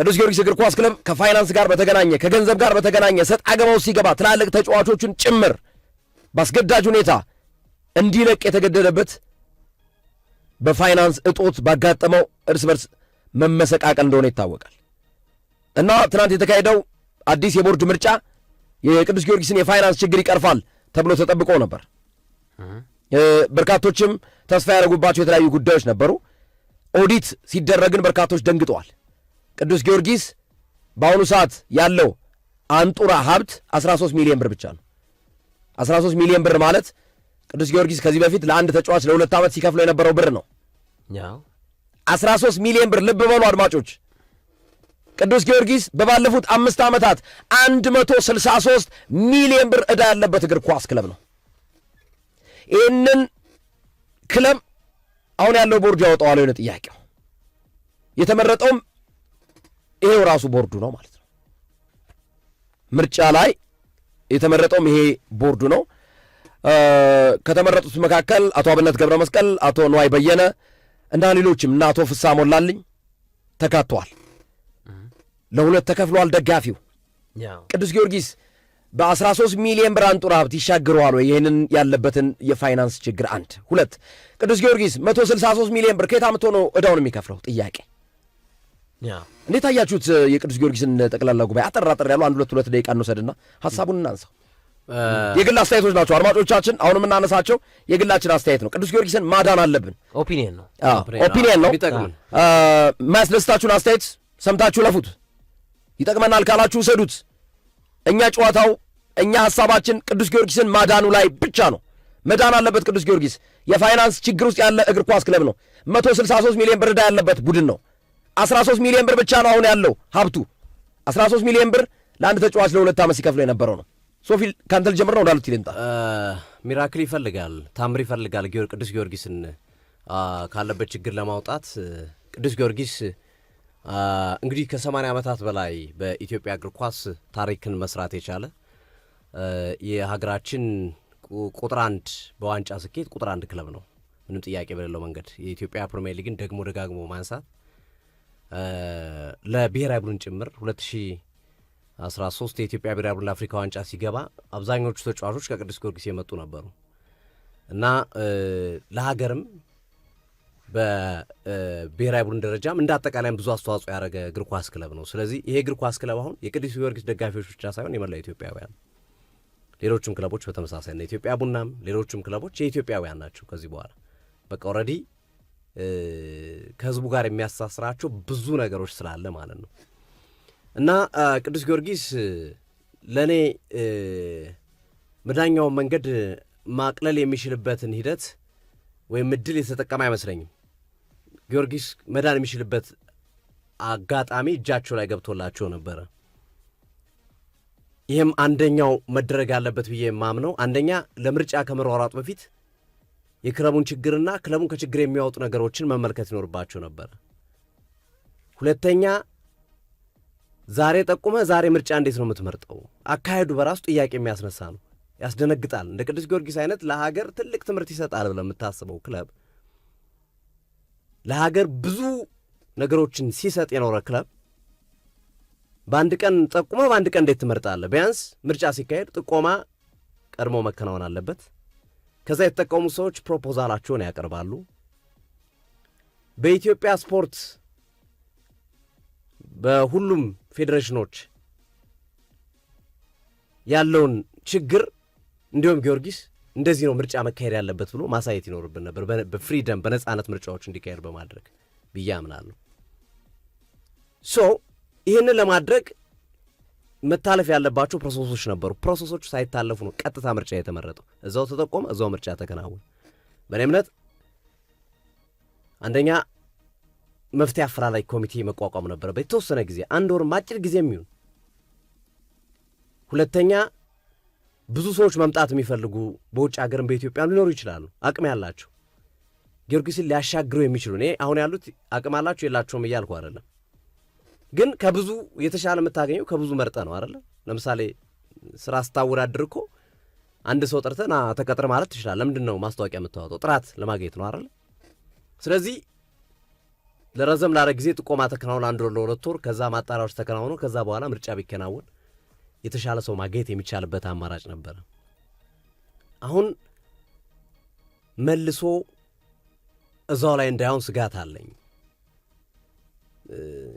ቅዱስ ጊዮርጊስ እግር ኳስ ክለብ ከፋይናንስ ጋር በተገናኘ ከገንዘብ ጋር በተገናኘ ሰጥ አገባው ሲገባ ትላልቅ ተጫዋቾቹን ጭምር በአስገዳጅ ሁኔታ እንዲለቅ የተገደደበት በፋይናንስ እጦት ባጋጠመው እርስ በርስ መመሰቃቀል እንደሆነ ይታወቃል እና ትናንት የተካሄደው አዲስ የቦርድ ምርጫ የቅዱስ ጊዮርጊስን የፋይናንስ ችግር ይቀርፋል ተብሎ ተጠብቆ ነበር። በርካቶችም ተስፋ ያደረጉባቸው የተለያዩ ጉዳዮች ነበሩ። ኦዲት ሲደረግን በርካቶች ደንግጠዋል። ቅዱስ ጊዮርጊስ በአሁኑ ሰዓት ያለው አንጡራ ሀብት 13 ሚሊዮን ብር ብቻ ነው። 13 ሚሊዮን ብር ማለት ቅዱስ ጊዮርጊስ ከዚህ በፊት ለአንድ ተጫዋች ለሁለት ዓመት ሲከፍለው የነበረው ብር ነው። 13 ሚሊዮን ብር። ልብ በሉ አድማጮች። ቅዱስ ጊዮርጊስ በባለፉት አምስት ዓመታት 163 ሚሊዮን ብር ዕዳ ያለበት እግር ኳስ ክለብ ነው። ይህንን ክለብ አሁን ያለው ቦርድ ያወጣዋል የሆነ ጥያቄው የተመረጠውም ይሄው ራሱ ቦርዱ ነው ማለት ነው። ምርጫ ላይ የተመረጠውም ይሄ ቦርዱ ነው። ከተመረጡት መካከል አቶ አብነት ገብረ መስቀል፣ አቶ ንዋይ በየነ እና ሌሎችም እና አቶ ፍሳ ሞላልኝ ተካተዋል። ለሁለት ተከፍሏል። ደጋፊው ቅዱስ ጊዮርጊስ በ13 ሚሊዮን ብር አንጡራ ሀብት ይሻግረዋል ወይ? ይህንን ያለበትን የፋይናንስ ችግር አንድ ሁለት ቅዱስ ጊዮርጊስ 163 ሚሊዮን ብር ከየት አምጥቶ ነው እዳውን የሚከፍለው? ጥያቄ እንዴት አያችሁት? የቅዱስ ጊዮርጊስን ጠቅላላ ጉባኤ አጠር አጠር ያሉ አንድ ሁለት ሁለት ደቂቃ እንውሰድና ሀሳቡን እናንሳ። የግል አስተያየቶች ናቸው አድማጮቻችን፣ አሁን የምናነሳቸው የግላችን አስተያየት ነው። ቅዱስ ጊዮርጊስን ማዳን አለብን። ኦፒኒየን ነው ኦፒኒየን ነው። የማያስደስታችሁን አስተያየት ሰምታችሁ ለፉት። ይጠቅመናል ካላችሁ ውሰዱት። እኛ ጨዋታው እኛ ሀሳባችን ቅዱስ ጊዮርጊስን ማዳኑ ላይ ብቻ ነው። መዳን አለበት ቅዱስ ጊዮርጊስ። የፋይናንስ ችግር ውስጥ ያለ እግር ኳስ ክለብ ነው። መቶ ስልሳ ሶስት ሚሊዮን ብር ዕዳ ያለበት ቡድን ነው። 13 ሚሊዮን ብር ብቻ ነው አሁን ያለው ሀብቱ። 13 ሚሊዮን ብር ለአንድ ተጫዋች ለሁለት ዓመት ሲከፍለው የነበረው ነው። ሶፊ ከአንተ ልጀምር ነው እንዳሉት ይልምጣ ሚራክል ይፈልጋል፣ ታምር ይፈልጋል። ቅዱስ ጊዮርጊስን ካለበት ችግር ለማውጣት ቅዱስ ጊዮርጊስ እንግዲህ ከ80 ዓመታት በላይ በኢትዮጵያ እግር ኳስ ታሪክን መስራት የቻለ የሀገራችን ቁጥር አንድ በዋንጫ ስኬት ቁጥር አንድ ክለብ ነው፣ ምንም ጥያቄ በሌለው መንገድ የኢትዮጵያ ፕሪሚየር ሊግን ደግሞ ደጋግሞ ማንሳት ለብሔራዊ ቡድን ጭምር 2013 የኢትዮጵያ ብሔራዊ ቡድን ለአፍሪካ ዋንጫ ሲገባ አብዛኞቹ ተጫዋቾች ከቅዱስ ጊዮርጊስ የመጡ ነበሩ እና ለሀገርም በብሔራዊ ቡድን ደረጃም እንደ አጠቃላይም ብዙ አስተዋጽኦ ያደረገ እግር ኳስ ክለብ ነው። ስለዚህ ይሄ እግር ኳስ ክለብ አሁን የቅዱስ ጊዮርጊስ ደጋፊዎች ብቻ ሳይሆን የመላ ኢትዮጵያውያን፣ ሌሎችም ክለቦች በተመሳሳይ ኢትዮጵያ ቡናም፣ ሌሎችም ክለቦች የኢትዮጵያውያን ናቸው። ከዚህ በኋላ በቃ ኦልሬዲ ከህዝቡ ጋር የሚያሳስራቸው ብዙ ነገሮች ስላለ ማለት ነው እና ቅዱስ ጊዮርጊስ ለእኔ መዳኛውን መንገድ ማቅለል የሚችልበትን ሂደት ወይም እድል የተጠቀመ አይመስለኝም። ጊዮርጊስ መዳን የሚችልበት አጋጣሚ እጃቸው ላይ ገብቶላቸው ነበረ። ይህም አንደኛው መደረግ ያለበት ብዬ የማምነው አንደኛ ለምርጫ ከመሯሯጡ በፊት የክለቡን ችግርና ክለቡን ከችግር የሚያወጡ ነገሮችን መመልከት ይኖርባቸው ነበር። ሁለተኛ ዛሬ ጠቁመ ዛሬ ምርጫ እንዴት ነው የምትመርጠው? አካሄዱ በራሱ ጥያቄ የሚያስነሳ ነው። ያስደነግጣል። እንደ ቅዱስ ጊዮርጊስ አይነት ለሀገር ትልቅ ትምህርት ይሰጣል ብለህ የምታስበው ክለብ ለሀገር ብዙ ነገሮችን ሲሰጥ የኖረ ክለብ በአንድ ቀን ጠቁመ በአንድ ቀን እንዴት ትመርጣለህ? ቢያንስ ምርጫ ሲካሄድ ጥቆማ ቀድሞ መከናወን አለበት። ከዛ የተጠቀሙ ሰዎች ፕሮፖዛላቸውን ያቀርባሉ። በኢትዮጵያ ስፖርት በሁሉም ፌዴሬሽኖች ያለውን ችግር እንዲሁም ጊዮርጊስ እንደዚህ ነው ምርጫ መካሄድ ያለበት ብሎ ማሳየት ይኖርብን ነበር። በፍሪደም በነፃነት ምርጫዎች እንዲካሄድ በማድረግ ብዬ አምናለሁ። ሶ ይህንን ለማድረግ መታለፍ ያለባቸው ፕሮሰሶች ነበሩ። ፕሮሰሶቹ ሳይታለፉ ነው ቀጥታ ምርጫ የተመረጠው። እዛው ተጠቆመ፣ እዛው ምርጫ ተከናወነ። በእኔ እምነት አንደኛ መፍትሄ አፈላላጊ ኮሚቴ መቋቋም ነበረበት የተወሰነ ጊዜ አንድ ወር አጭር ጊዜ የሚሆን ሁለተኛ ብዙ ሰዎች መምጣት የሚፈልጉ በውጭ ሀገርም በኢትዮጵያ ሊኖሩ ይችላሉ። አቅም ያላቸው ጊዮርጊስን ሊያሻግረው የሚችሉ እኔ አሁን ያሉት አቅም አላቸው የላቸውም እያልኩ አይደለም። ግን ከብዙ የተሻለ የምታገኘው ከብዙ መርጠ ነው አይደለ? ለምሳሌ ስራ ስታወዳድር እኮ አንድ ሰው ጥርተን ተቀጥር ማለት ትችላል። ለምንድን ነው ማስታወቂያ የምታወጣው? ጥራት ለማግኘት ነው አይደለ? ስለዚህ ለረዘም ላለ ጊዜ ጥቆማ ተከናውን አንድ ወር ለሁለት ወር ከዛ ማጣሪያዎች ተከናውነው ከዛ በኋላ ምርጫ ቢከናወን የተሻለ ሰው ማግኘት የሚቻልበት አማራጭ ነበረ። አሁን መልሶ እዛው ላይ እንዳይሆን ስጋት አለኝ።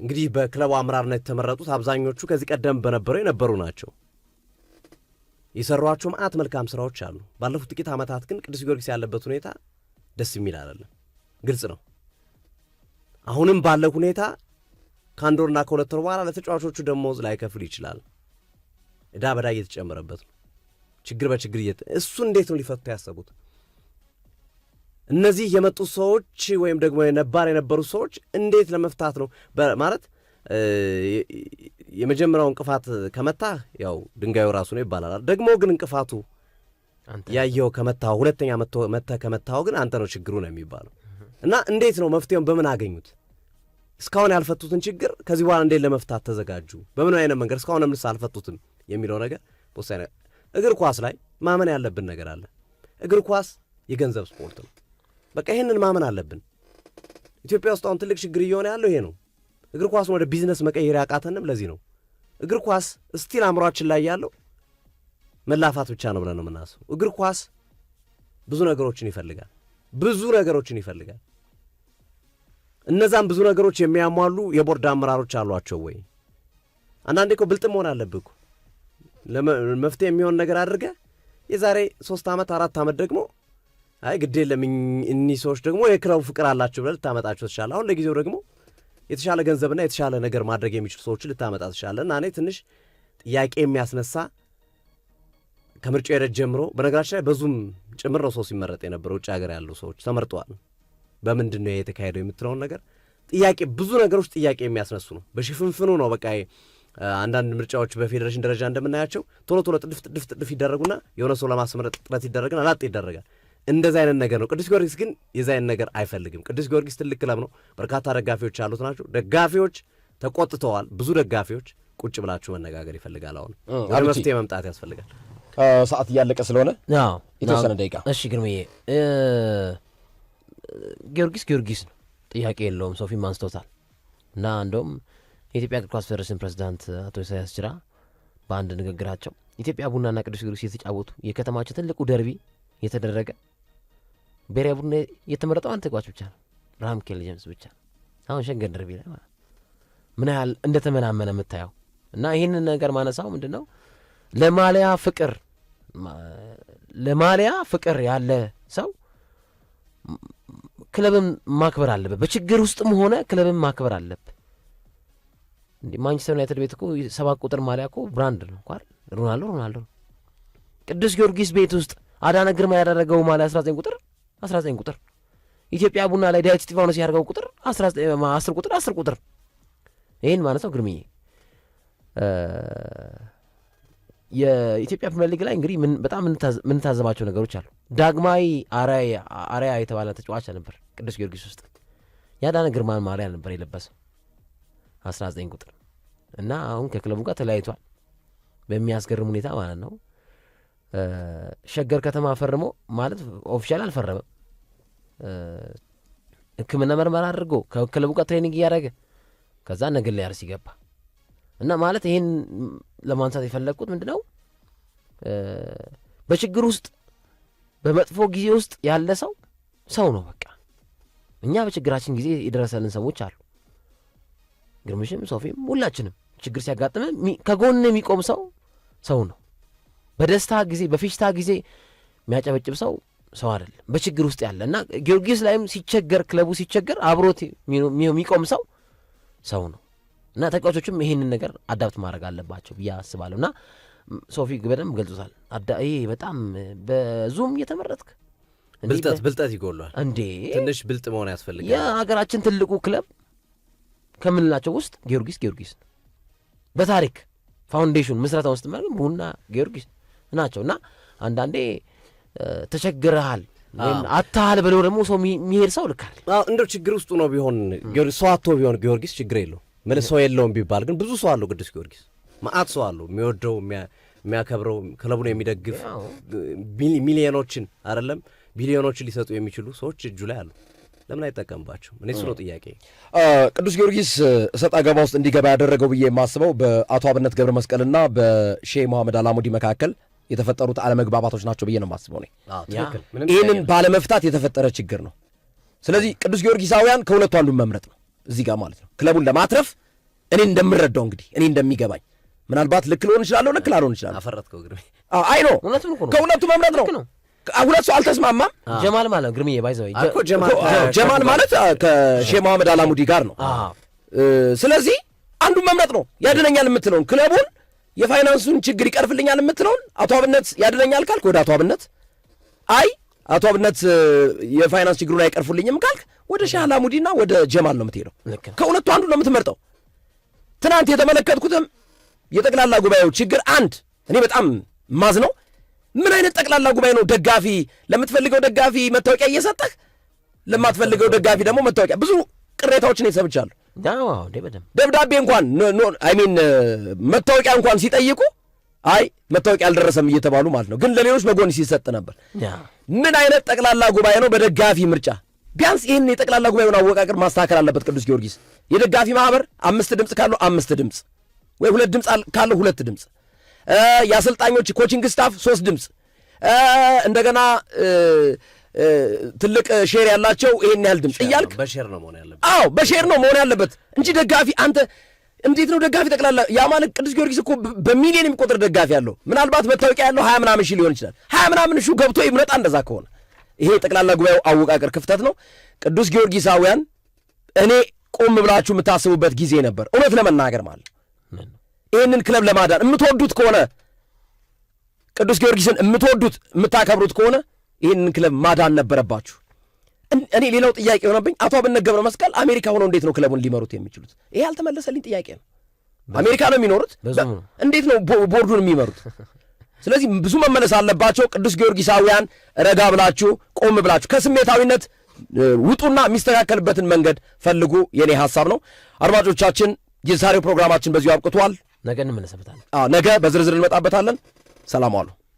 እንግዲህ በክለቡ አመራርነት የተመረጡት አብዛኞቹ ከዚህ ቀደም በነበረው የነበሩ ናቸው። የሰሯቸው ማአት መልካም ስራዎች አሉ። ባለፉት ጥቂት ዓመታት ግን ቅዱስ ጊዮርጊስ ያለበት ሁኔታ ደስ የሚል አይደለም። ግልጽ ነው። አሁንም ባለው ሁኔታ ከአንድ ወርና ከሁለት ወር በኋላ ለተጫዋቾቹ ደሞዝ ላይከፍል ይችላል። እዳ በዳ እየተጨመረበት ነው። ችግር በችግር እሱ እንዴት ነው ሊፈቱ ያሰቡት? እነዚህ የመጡ ሰዎች ወይም ደግሞ ነባር የነበሩ ሰዎች እንዴት ለመፍታት ነው ማለት የመጀመሪያው እንቅፋት ከመታ ያው ድንጋዩ ራሱ ነው ይባላል። ደግሞ ግን እንቅፋቱ ያየው ከመታ ሁለተኛ መተ ከመታው ግን አንተ ነው ችግሩ ነው የሚባለው እና እንዴት ነው መፍትሄውን በምን አገኙት? እስካሁን ያልፈቱትን ችግር ከዚህ በኋላ እንዴት ለመፍታት ተዘጋጁ? በምን አይነት መንገድ እስካሁን ምንስ አልፈቱትም የሚለው ነገር ወሳኝ። እግር ኳስ ላይ ማመን ያለብን ነገር አለ። እግር ኳስ የገንዘብ ስፖርት ነው። በቃ ይህንን ማመን አለብን። ኢትዮጵያ ውስጥ አሁን ትልቅ ችግር እየሆነ ያለው ይሄ ነው። እግር ኳሱን ወደ ቢዝነስ መቀየር ያቃተንም ለዚህ ነው። እግር ኳስ ስቲል አእምሯችን ላይ ያለው መላፋት ብቻ ነው ብለን ነው የምናስበው። እግር ኳስ ብዙ ነገሮችን ይፈልጋል። ብዙ ነገሮችን ይፈልጋል። እነዛም ብዙ ነገሮች የሚያሟሉ የቦርድ አመራሮች አሏቸው ወይ? አንዳንዴ እኮ ብልጥ መሆን አለብህ እኮ ለመፍትሄ የሚሆን ነገር አድርገህ የዛሬ ሶስት ዓመት አራት ዓመት ደግሞ አይ ግድ የለም እኒህ ሰዎች ደግሞ የክለቡ ፍቅር አላቸው ብለህ ልታመጣቸው ትችላለህ። አሁን ለጊዜው ደግሞ የተሻለ ገንዘብና የተሻለ ነገር ማድረግ የሚችሉ ሰዎች ልታመጣ ትችላለህ እና እኔ ትንሽ ጥያቄ የሚያስነሳ ከምርጫው ሂደት ጀምሮ በነገራችን ላይ በዙም ጭምር ነው ሰው ሲመረጥ የነበረ ውጭ ሀገር ያሉ ሰዎች ተመርጠዋል። በምንድን ነው የተካሄደው የምትለውን ነገር ጥያቄ ብዙ ነገሮች ጥያቄ የሚያስነሱ ነው። በሽፍንፍኑ ነው በቃ አንዳንድ ምርጫዎች በፌዴሬሽን ደረጃ እንደምናያቸው ቶሎ ቶሎ ጥድፍ ጥድፍ ጥድፍ ይደረጉና የሆነ ሰው ለማስመረጥ ጥረት ይደረግና ላጥ ይደረጋል። እንደዛ አይነት ነገር ነው። ቅዱስ ጊዮርጊስ ግን የዛ አይነት ነገር አይፈልግም። ቅዱስ ጊዮርጊስ ትልቅ ክለብ ነው። በርካታ ደጋፊዎች ያሉት ናቸው። ደጋፊዎች ተቆጥተዋል። ብዙ ደጋፊዎች ቁጭ ብላችሁ መነጋገር ይፈልጋል። አሁን መፍትሄ መምጣት ያስፈልጋል። ሰዓት እያለቀ ስለሆነ የተወሰነ ደቂቃ። እሺ ግርምዬ፣ ጊዮርጊስ ጊዮርጊስ ነው፣ ጥያቄ የለውም። ሶፊም አንስቶታል እና እንደውም የኢትዮጵያ እግር ኳስ ፌዴሬሽን ፕሬዚዳንት አቶ ኢሳያስ ጅራ በአንድ ንግግራቸው ኢትዮጵያ ቡናና ቅዱስ ጊዮርጊስ የተጫወቱ የከተማቸው ትልቁ ደርቢ የተደረገ ብሔራዊ ቡድን የተመረጠው አንድ ተጫዋች ብቻ ነው፣ ራምኬል ጀምስ ብቻ አሁን ሸገር ደርቢ ላይ ማለት ምን ያህል እንደተመናመነ የምታየው እና ይህንን ነገር ማነሳው ምንድን ነው ለማሊያ ፍቅር ለማሊያ ፍቅር ያለ ሰው ክለብን ማክበር አለበት። በችግር ውስጥም ሆነ ክለብን ማክበር አለበት። እንዲህ ማንቸስተር ዩናይትድ ቤት እኮ ሰባት ቁጥር ማሊያ እኮ ብራንድ ነው እንኳን ሮናልዶ ሮናልዶ ቅዱስ ጊዮርጊስ ቤት ውስጥ አዳነ ግርማ ያደረገው ማሊያ አስራ ዘጠኝ ቁጥር 19 ቁጥር ኢትዮጵያ ቡና ላይ ዳዊት እስጢፋኖስ ያደርገው ቁጥር 10 ቁጥር አስር ቁጥር ይህን ማለት ነው። ግርምዬ የኢትዮጵያ ፕሪሚየር ሊግ ላይ እንግዲህ በጣም የምንታዘባቸው ነገሮች አሉ። ዳግማዊ አሪያ የተባለ ተጫዋች ነበር ቅዱስ ጊዮርጊስ ውስጥ ያዳነ ግርማን ማሪያ ነበር የለበሰው 19 ቁጥር እና አሁን ከክለቡ ጋር ተለያይቷል በሚያስገርም ሁኔታ ማለት ነው። ሸገር ከተማ ፈርሞ ማለት ኦፊሻል አልፈረመም። ሕክምና ምርመራ አድርጎ ከክለቡ ጋር ትሬኒንግ እያደረገ ከዛ ነገ ላይ አርሲ ገባ እና ማለት ይህን ለማንሳት የፈለግኩት ምንድነው በችግር ውስጥ በመጥፎ ጊዜ ውስጥ ያለ ሰው ሰው ነው። በቃ እኛ በችግራችን ጊዜ የደረሰልን ሰዎች አሉ። ግርምሽም፣ ሶፊም፣ ሁላችንም ችግር ሲያጋጥመ ከጎን የሚቆም ሰው ሰው ነው። በደስታ ጊዜ በፌሽታ ጊዜ የሚያጨበጭብ ሰው ሰው አይደለም። በችግር ውስጥ ያለ እና ጊዮርጊስ ላይም ሲቸገር፣ ክለቡ ሲቸገር አብሮት የሚቆም ሰው ሰው ነው እና ተጫዋቾቹም ይህንን ነገር አዳብት ማድረግ አለባቸው ብዬ አስባለሁ። እና ሶፊ በደንብ ገልጾታል። ይሄ በጣም በዙም እየተመረጥክ ብልጠት ብልጠት ይጎሏል እንዴ! ትንሽ ብልጥ መሆን ያስፈልጋል። የሀገራችን ትልቁ ክለብ ከምንላቸው ውስጥ ጊዮርጊስ ጊዮርጊስ በታሪክ ፋውንዴሽን ምስረታ ውስጥ ቡና ጊዮርጊስ ናቸው እና አንዳንዴ ተቸግረሃል ወይም አታሃል ብለው ደግሞ ሰው የሚሄድ ሰው ልካል እንደ ችግር ውስጡ ነው ቢሆን ሰው አቶ ቢሆን ጊዮርጊስ ችግር የለው ምን ሰው የለውም ቢባል ግን ብዙ ሰው አለው ቅዱስ ጊዮርጊስ ማአት ሰው አለው የሚወደው የሚያከብረው ክለቡን የሚደግፍ ሚሊዮኖችን አይደለም ቢሊዮኖችን ሊሰጡ የሚችሉ ሰዎች እጁ ላይ አሉ። ለምን አይጠቀምባቸው? እኔ ስሎ ጥያቄ። ቅዱስ ጊዮርጊስ እሰጥ አገባ ውስጥ እንዲገባ ያደረገው ብዬ የማስበው በአቶ አብነት ገብረ መስቀልና በሼህ መሐመድ አላሙዲ መካከል የተፈጠሩት አለመግባባቶች ናቸው ብዬ ነው የማስበው። ይህንን ባለመፍታት የተፈጠረ ችግር ነው። ስለዚህ ቅዱስ ጊዮርጊሳውያን ከሁለቱ አንዱን መምረጥ ነው እዚህ ጋር ማለት ነው፣ ክለቡን ለማትረፍ እኔ እንደምረዳው እንግዲህ እኔ እንደሚገባኝ ምናልባት ልክ ልሆን እችላለሁ፣ ልክ ላልሆን እችላለሁ። አፈረጥከው ግርሜ። አይ ከሁለቱ መምረጥ ነው። ሁለት ሰው አልተስማማም። ጀማል ማለት ግርሜ ባይዘው ጀማል ማለት ከሼህ መሐመድ አላሙዲ ጋር ነው። ስለዚህ አንዱን መምረጥ ነው ያድነኛል የምትለውን ክለቡን የፋይናንሱን ችግር ይቀርፍልኛል የምትለውን አቶ አብነት ያድነኛል ካልክ ወደ አቶ አብነት፣ አይ አቶ አብነት የፋይናንስ ችግሩን አይቀርፉልኝም ካልክ ወደ ሼህ አላሙዲና ወደ ጀማል ነው የምትሄደው። ከሁለቱ አንዱ ነው የምትመርጠው። ትናንት የተመለከትኩትም የጠቅላላ ጉባኤው ችግር አንድ እኔ በጣም ማዝ ነው። ምን አይነት ጠቅላላ ጉባኤ ነው? ደጋፊ ለምትፈልገው ደጋፊ መታወቂያ እየሰጠህ ለማትፈልገው ደጋፊ ደግሞ መታወቂያ ብዙ ቅሬታዎችን ሰምቻለሁ። ደብዳቤ እንኳን አይሚን መታወቂያ እንኳን ሲጠይቁ አይ መታወቂያ አልደረሰም እየተባሉ ማለት ነው። ግን ለሌሎች በጎን ሲሰጥ ነበር። ምን አይነት ጠቅላላ ጉባኤ ነው? በደጋፊ ምርጫ ቢያንስ ይህን የጠቅላላ ጉባኤውን አወቃቀር ማስተካከል አለበት ቅዱስ ጊዮርጊስ። የደጋፊ ማህበር አምስት ድምፅ ካለው አምስት ድምፅ ወይ ሁለት ድምፅ ካለው ሁለት ድምፅ፣ የአሰልጣኞች ኮቺንግ ስታፍ ሶስት ድምፅ እንደገና ትልቅ ሼር ያላቸው ይሄን ያህል ድምፅ እያልክ በሼር ነው መሆን ያለበት። አዎ በሼር ነው መሆን ያለበት እንጂ ደጋፊ አንተ እንዴት ነው ደጋፊ ጠቅላላ የአማን ቅዱስ ጊዮርጊስ እኮ በሚሊዮን የሚቆጥር ደጋፊ ያለው ምናልባት መታወቂያ ያለው ሀያ ምናምን ሺህ ሊሆን ይችላል። ሀያ ምናምን ሺህ ገብቶ ይምረጣ እንደዛ ከሆነ ይሄ ጠቅላላ ጉባኤው አወቃቀር ክፍተት ነው። ቅዱስ ጊዮርጊሳውያን እኔ ቆም ብላችሁ የምታስቡበት ጊዜ ነበር። እውነት ለመናገር ማለት ይህንን ክለብ ለማዳን የምትወዱት ከሆነ ቅዱስ ጊዮርጊስን የምትወዱት የምታከብሩት ከሆነ ይህንን ክለብ ማዳን ነበረባችሁ። እኔ ሌላው ጥያቄ የሆነብኝ አቶ አብነት ገብረ መስቀል አሜሪካ ሆነው እንዴት ነው ክለቡን ሊመሩት የሚችሉት? ይሄ ያልተመለሰልኝ ጥያቄ ነው። አሜሪካ ነው የሚኖሩት፣ እንዴት ነው ቦርዱን የሚመሩት? ስለዚህ ብዙ መመለስ አለባቸው። ቅዱስ ጊዮርጊሳውያን ረጋ ብላችሁ ቆም ብላችሁ ከስሜታዊነት ውጡና የሚስተካከልበትን መንገድ ፈልጉ። የኔ ሀሳብ ነው። አድማጮቻችን፣ የዛሬው ፕሮግራማችን በዚሁ አብቅቷል። ነገ እንመለስበታለን። ነገ በዝርዝር እንመጣበታለን። ሰላም አሉ።